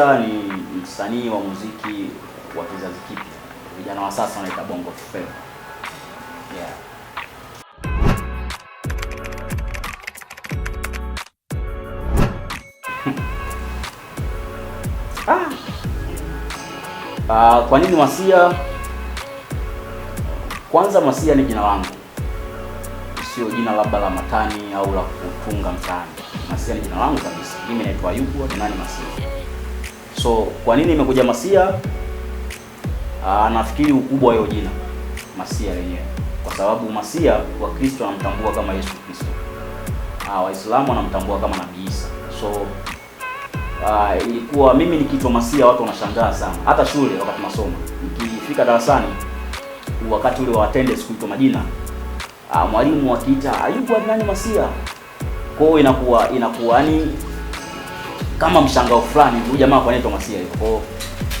Mboya ni msanii wa muziki wa kizazi kipya, vijana wa sasa wanaita bongo flava yeah. Uh, kwa nini Masia? Kwanza Masia ni jina langu, sio jina labda la matani au la kutunga mtani Masia ni jina langu kabisa. Mimi naitwa Ayubu Adinani Masia. So kwa nini imekuja Masia? Aa, ah, nafikiri ukubwa wa hiyo jina Masia lenyewe, kwa sababu Masia Wakristo wanamtambua kama Yesu Kristo, ah, Waislamu wanamtambua kama Nabii Isa. So aa, ah, ilikuwa mimi nikiitwa Masia watu wanashangaa sana, hata shule wakati masomo nikifika darasani wakati ule wa attendance kuitwa majina, mwalimu akiita Ayubu nani Masia, kwao inakuwa inakuwa yani kama mshangao fulani, huyu jamaa kwa nini Tomasia hivyo.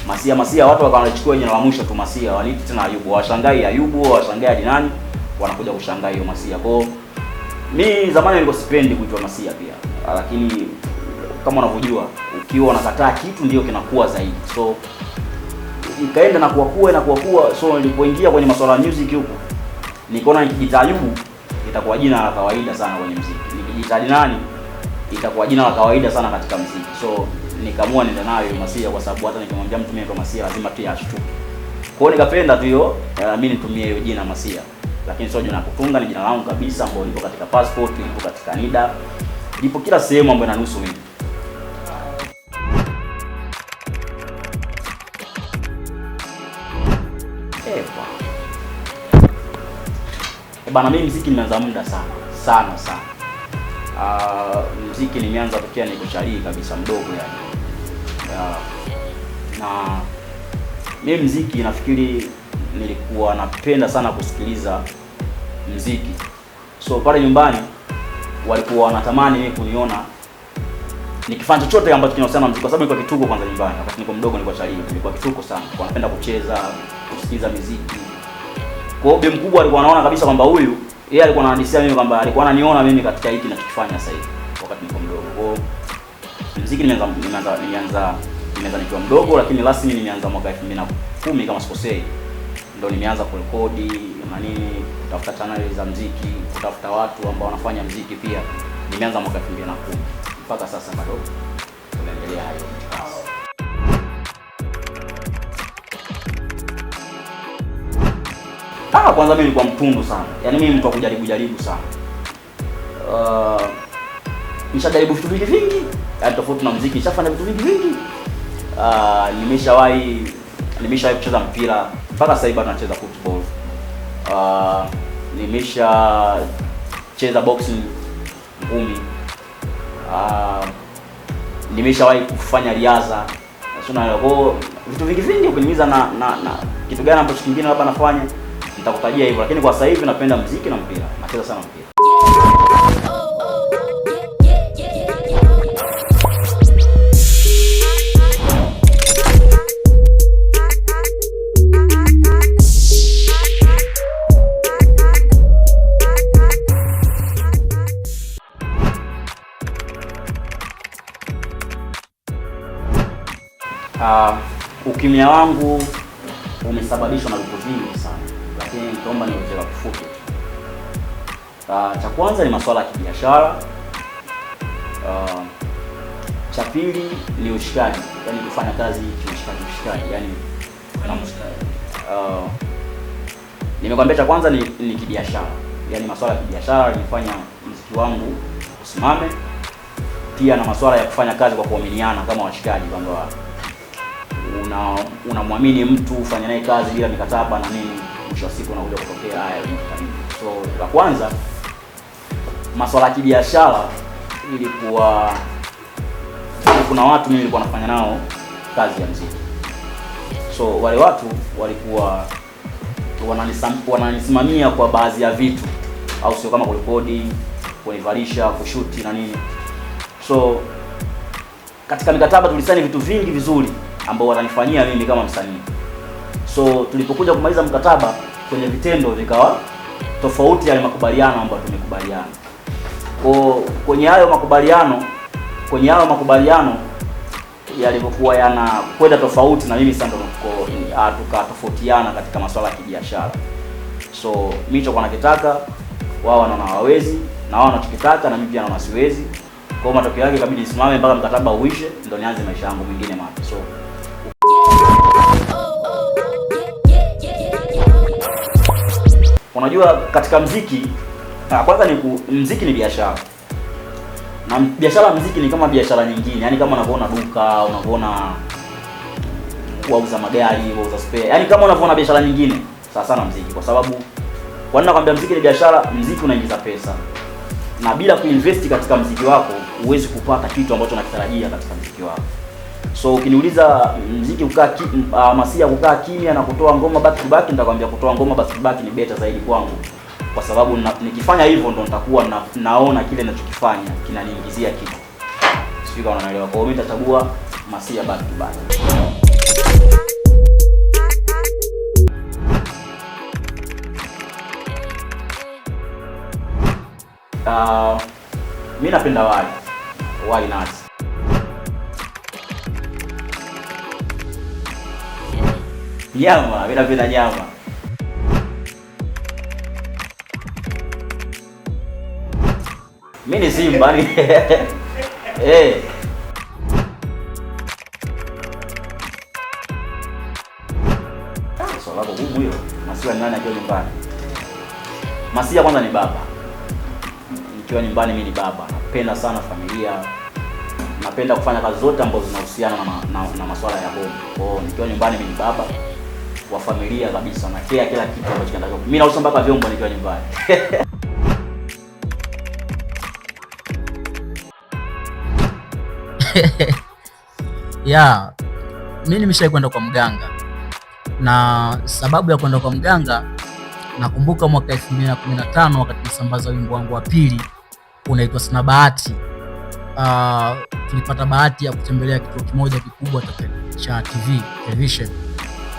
Masia Masia watu wakawa wanachukua wenyewe wa mwisho Tomasia, walipi tena Ayubu, washangai Ayubu, washangai ni nani, wanakuja kushangaa hiyo Masia. Kwa hiyo mimi zamani nilikuwa sipendi kuitwa Masia pia, ah, lakini kama unavyojua ukiwa unakataa kitu ndio kinakuwa zaidi, so ikaenda na kuwa kuwa na kuwa kuwa. So nilipoingia kwenye masuala ya music huko, nikaona nikijita Ayubu itakuwa jina la kawaida sana kwenye muziki, nikijita nani itakuwa jina la kawaida sana katika mziki So nikaamua nenda nayo Masia kwa sababu hata nikimwambia mtu mimi Masia lazima tu ashtuke. Kwa hiyo nikapenda tu hiyo uh, mimi nitumie hiyo jina Masia. Lakini sio jina la kutunga, ni jina langu kabisa ambao lipo katika passport, lipo katika NIDA. Lipo kila sehemu ambayo inanusu mimi. Eh, Bana eh, mimi mziki nimeanza muda sana, sana sana uh, ah, mziki nimeanza tokea niko shahii kabisa mdogo yani. Uh, na mi mziki nafikiri nilikuwa napenda sana kusikiliza mziki, so pale nyumbani walikuwa wanatamani mimi kuniona nikifanya chochote ambacho kinahusiana na muziki, kwa sababu nilikuwa kituko kwanza nyumbani. Wakati niko mdogo, nilikuwa shahidi, nilikuwa kituko sana, kwa napenda kucheza, kusikiliza muziki. Kwa hiyo bi mkubwa alikuwa anaona kabisa kwamba huyu yeye alikuwa ananihisia mimi kwamba alikuwa ananiona mimi katika hiki ninachokifanya sasa hivi wakati niko mdogo. Kwa hiyo muziki nimeanza nimeanza nimeanza nimeanza nikiwa mdogo, lakini rasmi nimeanza mwaka 2010 kama sikosei, ndio nimeanza kurekodi na nini, kutafuta channel za muziki, kutafuta watu ambao wanafanya muziki pia. Nimeanza mwaka 2010 mpaka sasa bado tunaendelea hayo. Ah, kwanza mimi nilikuwa mtundu sana, yaani mimi mtu wa kujaribu jaribu sana. Uh, nishajaribu vitu vingi vingi, yaani tofauti na muziki, nishafanya vitu vingi vingi. Uh, nimeshawahi nimeshawahi kucheza mpira mpaka sasa hivi nacheza football. Uh, nimesha cheza boxing ngumi. Uh, nimeshawahi kufanya riadha sio na vitu vingi vingi kunimiza na, na, na kitu gani ambacho kingine labda nafanya nitakutajia hivyo, lakini kwa sasa hivi napenda mziki na mpira, nacheza sana mpira. Uh, ukimya wangu umesababishwa na vitu vingi sana lakini nitaomba nieleze kwa kifupi. Uh, cha kwanza ni masuala ya kibiashara. Uh, cha pili ni ushikaji, yani kufanya kazi kiushikaji, ushikaji yaani uh, ah, nimekwambia cha kwanza ni, ni kibiashara, yaani masuala ya kibiashara nilifanya mziki wangu usimame, pia na masuala ya kufanya kazi kwa kuaminiana kama washikaji, kwamba unamwamini una mtu ufanye naye kazi bila mikataba na nini mwisho wa siku unakuja kutokea haya So la kwanza, masuala ya kibiashara ilikuwa kuna watu mimi nilikuwa nafanya nao kazi ya mziki. So wale watu walikuwa wananisimamia kwa baadhi ya vitu, au sio, kama kurekodi, kunivalisha, kushuti na nini. So katika mikataba tulisaini vitu vingi vizuri ambao wananifanyia mimi kama msanii. So tulipokuja kumaliza mkataba kwenye vitendo vikawa tofauti yale makubaliano ambayo tumekubaliana. Kwa kwenye hayo makubaliano, kwenye hayo makubaliano yalivyokuwa kwenda tofauti na mimi sasa ah, tukatofautiana katika masuala ya kibiashara. So mimi nilichokuwa nakitaka wao wanaona hawawezi na wao wanachokitaka na mimi pia naona siwezi. Kwa hiyo matokeo yake ikabidi nisimame mpaka mkataba uishe, ndo nianze maisha yangu mengine mapya. So Unajua katika mziki ah, kwanza ni ku, mziki ni biashara na biashara mziki ni kama biashara nyingine, yaani kama unavyoona duka, unavyoona wauza magari, wauza spare, yani kama unavyoona biashara nyingine, sawa sana mziki. Kwa sababu kwa nini nakwambia mziki ni biashara? Mziki unaingiza pesa, na bila kuinvest katika mziki wako huwezi kupata kitu ambacho unakitarajia katika mziki wako. So ukiniuliza mm, mziki kukaa ki, uh, mm, ah, masia kukaa kimya na kutoa ngoma back to back, nitakwambia kutoa ngoma back to back ni better zaidi kwangu, kwa sababu na, nikifanya hivyo ndo nitakuwa na, naona kile ninachokifanya kinaniingizia kitu, sijui kama unaelewa. Kwa hiyo mimi nitachagua masia back to back. Uh, ah, mi napenda wali wali nasi Nyama, mimi napenda nyama. Mimi ni Simba. Eh. Ah, swala lako Masia nani akiwa nyumbani? Masia kwanza ni baba. Nikiwa nyumbani mimi ni baba. Napenda sana familia. Napenda kufanya kazi zote ambazo zinahusiana na, na, na masuala ya bomu. Kwa hiyo nikiwa nyumbani mimi ni baba wa familia kabisa, na kila kila kitu ambacho kinataka. Mimi nauza mpaka vyombo nikiwa nyumbani. Ya, mi nimeshawahi kwenda kwa mganga, na sababu ya kwenda kwa mganga, nakumbuka mwaka 2015 wakati nasambaza wimbo wangu wa pili unaitwa Sina Bahati. Uh, tulipata bahati ya kutembelea kituo kimoja kikubwa cha TV television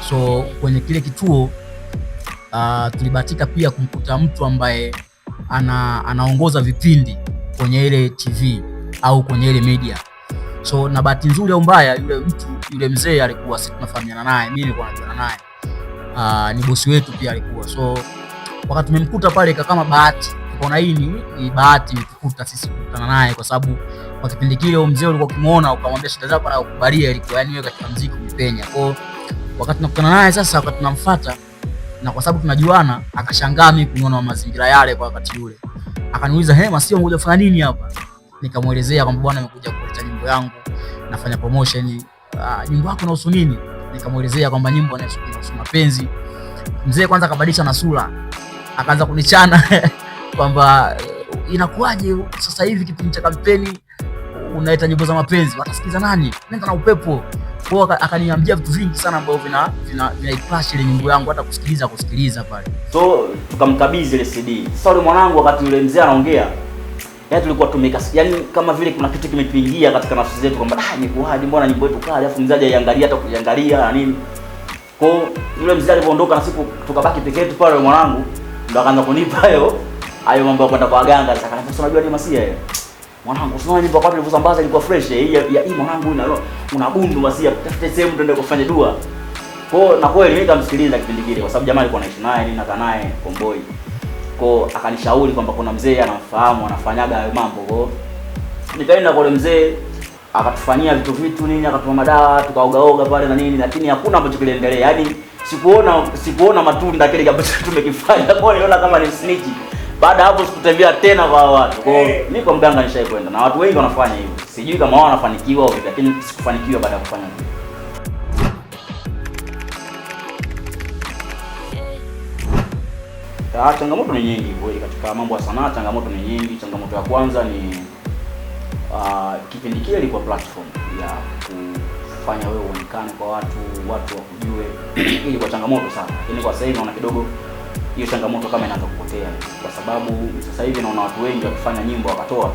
So kwenye kile kituo uh, tulibahatika pia kumkuta mtu ambaye ana, anaongoza vipindi kwenye ile TV au kwenye ile media. So na bahati nzuri au mbaya, yule mtu yule mzee alikuwa sisi tunafahamiana naye, mimi nilikuwa najuana naye uh, ni bosi wetu pia alikuwa. So wakati tumemkuta pale kama bahati tukaona hii ni bahati tukuta sisi kukutana naye, kwa sababu kwa kipindi kile mzee ulikuwa ukimuona ukamwambia shida zako na ukubalia, ilikuwa yani wewe katika mziki umepenya kwao Wakati tunakutana naye sasa, wakati tunamfuata na kwa sababu tunajuana, akashangaa mimi kuniona na mazingira yale kwa wakati ule. Akaniuliza, hema, sio ngoja kufanya nini hapa?" Nikamuelezea kwamba bwana, nimekuja kuleta nyimbo yangu, nafanya promotion. Ah, nyimbo yako inahusu nini? Nikamuelezea kwamba nyimbo inahusu mapenzi. Mzee kwanza akabadilisha na sura, akaanza kunichana kwamba eh, inakuwaje sasa hivi kipindi cha kampeni unaita nyimbo za mapenzi, watasikiza nani? Nenda na upepo. Kwa akaniambia vitu vingi sana ambavyo vina vina vinaipash ile nyimbo yangu hata kusikiliza kusikiliza pale. So tukamkabidhi ile CD. Sasa yule mwanangu wakati yule mzee anaongea, yaani tulikuwa tumeka, yaani kama vile kuna kitu kimetuingia katika nafsi zetu kwamba ah, ni kuhadi, mbona nyimbo yetu kali, alafu mzee haiangalia hata kuiangalia na nini. Kwa yule mzee alipoondoka na siku tukabaki peke yetu pale, mwanangu ndo akaanza kunipa hayo hayo mambo ya kwenda kwa waganga. Sasa kanafasi, unajua ni masia yeye. Eh? Mwanangu, usione nyimbo ambayo nilivyosambaza ilikuwa fresh hii eh, ya hii mwanangu ina una bundu basi tafute sehemu tuende kufanya dua. Kwa hiyo na kweli mimi nikamsikiliza kipindi kile kwa sababu jamaa alikuwa anaishi naye ni nakaa naye Komboi. Kwa hiyo akanishauri kwamba kuna mzee anamfahamu anafanyaga hayo mambo. Kwa hiyo nikaenda kwa yule mzee akatufanyia vitu vitu nini akatupa madawa tukaogaoga pale na nini lakini hakuna ambacho kiliendelea. Yaani sikuona sikuona matunda kile ambacho tumekifanya. Kwa hiyo niliona kama ni snitch. Baada hapo sikutembea tena kwa watu. Kwa hiyo mimi eh. kwa mganga nishaikwenda na watu wengi wanafanya hivyo. Sijui kama wao wanafanikiwa au lakini sikufanikiwa baada ya kufanya hivyo. Ta, ah, changamoto ni nyingi kweli katika mambo ya sanaa, changamoto ni nyingi. Changamoto ya kwanza ni uh, kipindi kile ilikuwa platform ya kufanya wewe uonekane kwa watu, watu wakujue. Hii kwa changamoto sana. Lakini kwa sasa hivi naona kidogo hiyo changamoto kama inaanza kupotea, kwa sababu sasa hivi naona watu wengi wakifanya nyimbo wakatoa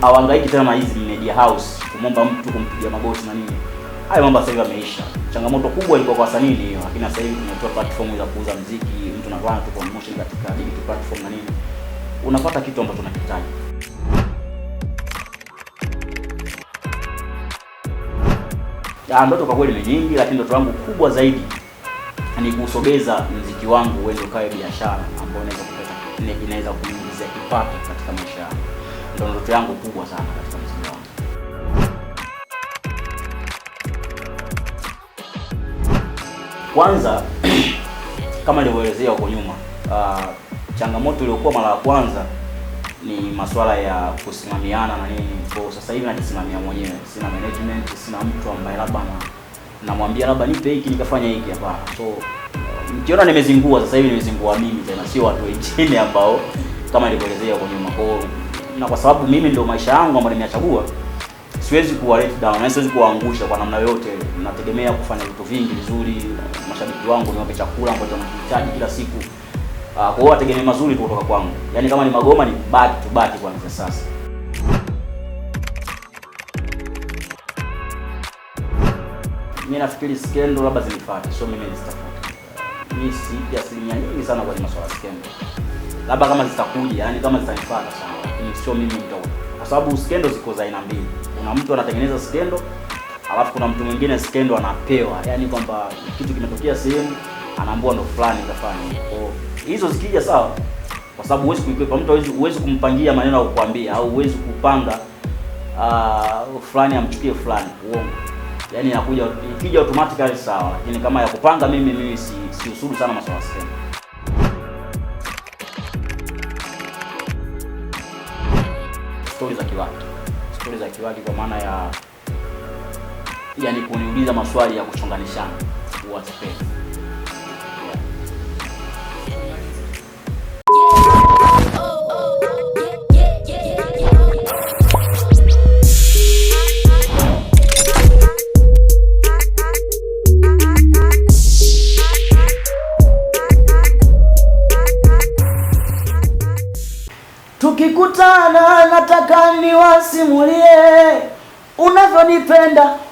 hawahangaiki tena hizi media house kumomba mtu kumpigia mabosi na nini. Hayo mambo sasa hivi yameisha. Changamoto kubwa ilikuwa kwa wasanii hiyo, lakini sasa hivi tumetoa platform za kuuza muziki, mtu anafanya tu promotion katika digital platform na nini, unapata kitu ambacho unakitaji. Ah, ndoto kwa kweli ni nyingi, lakini ndoto yangu kubwa zaidi ni kusogeza mziki wangu uweze ukawe biashara ambayo inaweza kuniingizia kipato katika maisha yangu. Ndio ndoto yangu kubwa sana katika mziki wangu. Kwanza kama nilivyoelezea huko nyuma, uh, changamoto iliyokuwa mara ya kwanza ni masuala ya kusimamiana na nini. Kwa sasa hivi najisimamia mwenyewe, sina management, sina mtu ambaye labda namwambia labda nipe hiki nikafanya hiki, hapana. So mkiona nimezingua sasa hivi, nimezingua mimi tena, sio watu wengine ambao kama nilivyoelezea kwa nyuma. Kwa na kwa sababu mimi ndio maisha yangu ambayo nimeachagua, siwezi kuwa let down na yaani siwezi kuwaangusha kwa namna yote. Nategemea kufanya vitu vingi vizuri, mashabiki wangu niwape chakula ambacho wanahitaji kila siku. Uh, kwa hiyo wategemea mazuri kutoka kwangu, yaani kama ni magoma ni back to back kuanzia sasa. mimi nafikiri skendo labda zinifuate, sio mimi nizitafuta. Mimi si ya asilimia nyingi sana kwa masuala ya skendo, labda kama zitakuja, yani kama zitanifuata sana, lakini sio mimi mtau, kwa sababu skendo ziko za aina mbili. Kuna mtu anatengeneza skendo, alafu kuna mtu mwingine skendo anapewa, yani kwamba kitu kimetokea sehemu anaambua ndo fulani kafanya. Kwa hizo zikija sawa, kwa sababu huwezi kuikwepa mtu, huwezi huwezi kumpangia maneno au kukwambia au huwezi kupanga uh, fulani amchukie fulani, uongo yani inakuja ikija automatically sawa, lakini kama ya kupanga mimi mimi si, si usuru sana masuala sehemu. Stori za kiwaki, stori za kiwaki kwa maana ya yani kuniuliza maswali ya kuchonganishana huwa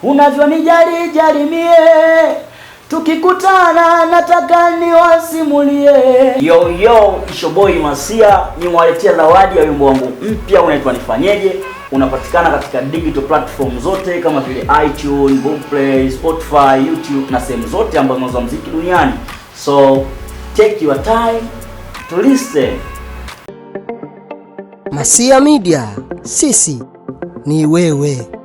unavyonijali jali mie, tukikutana nataka niwasimulie. Yo yo, Kishoboi Masia nimewaletea zawadi ya wimbo wangu mpya unaitwa Nifanyeje. Unapatikana katika digital platform zote kama vile iTunes, Play, Spotify, YouTube na sehemu zote ambazo za muziki duniani. So take your time to listen. Masia Media, sisi ni wewe.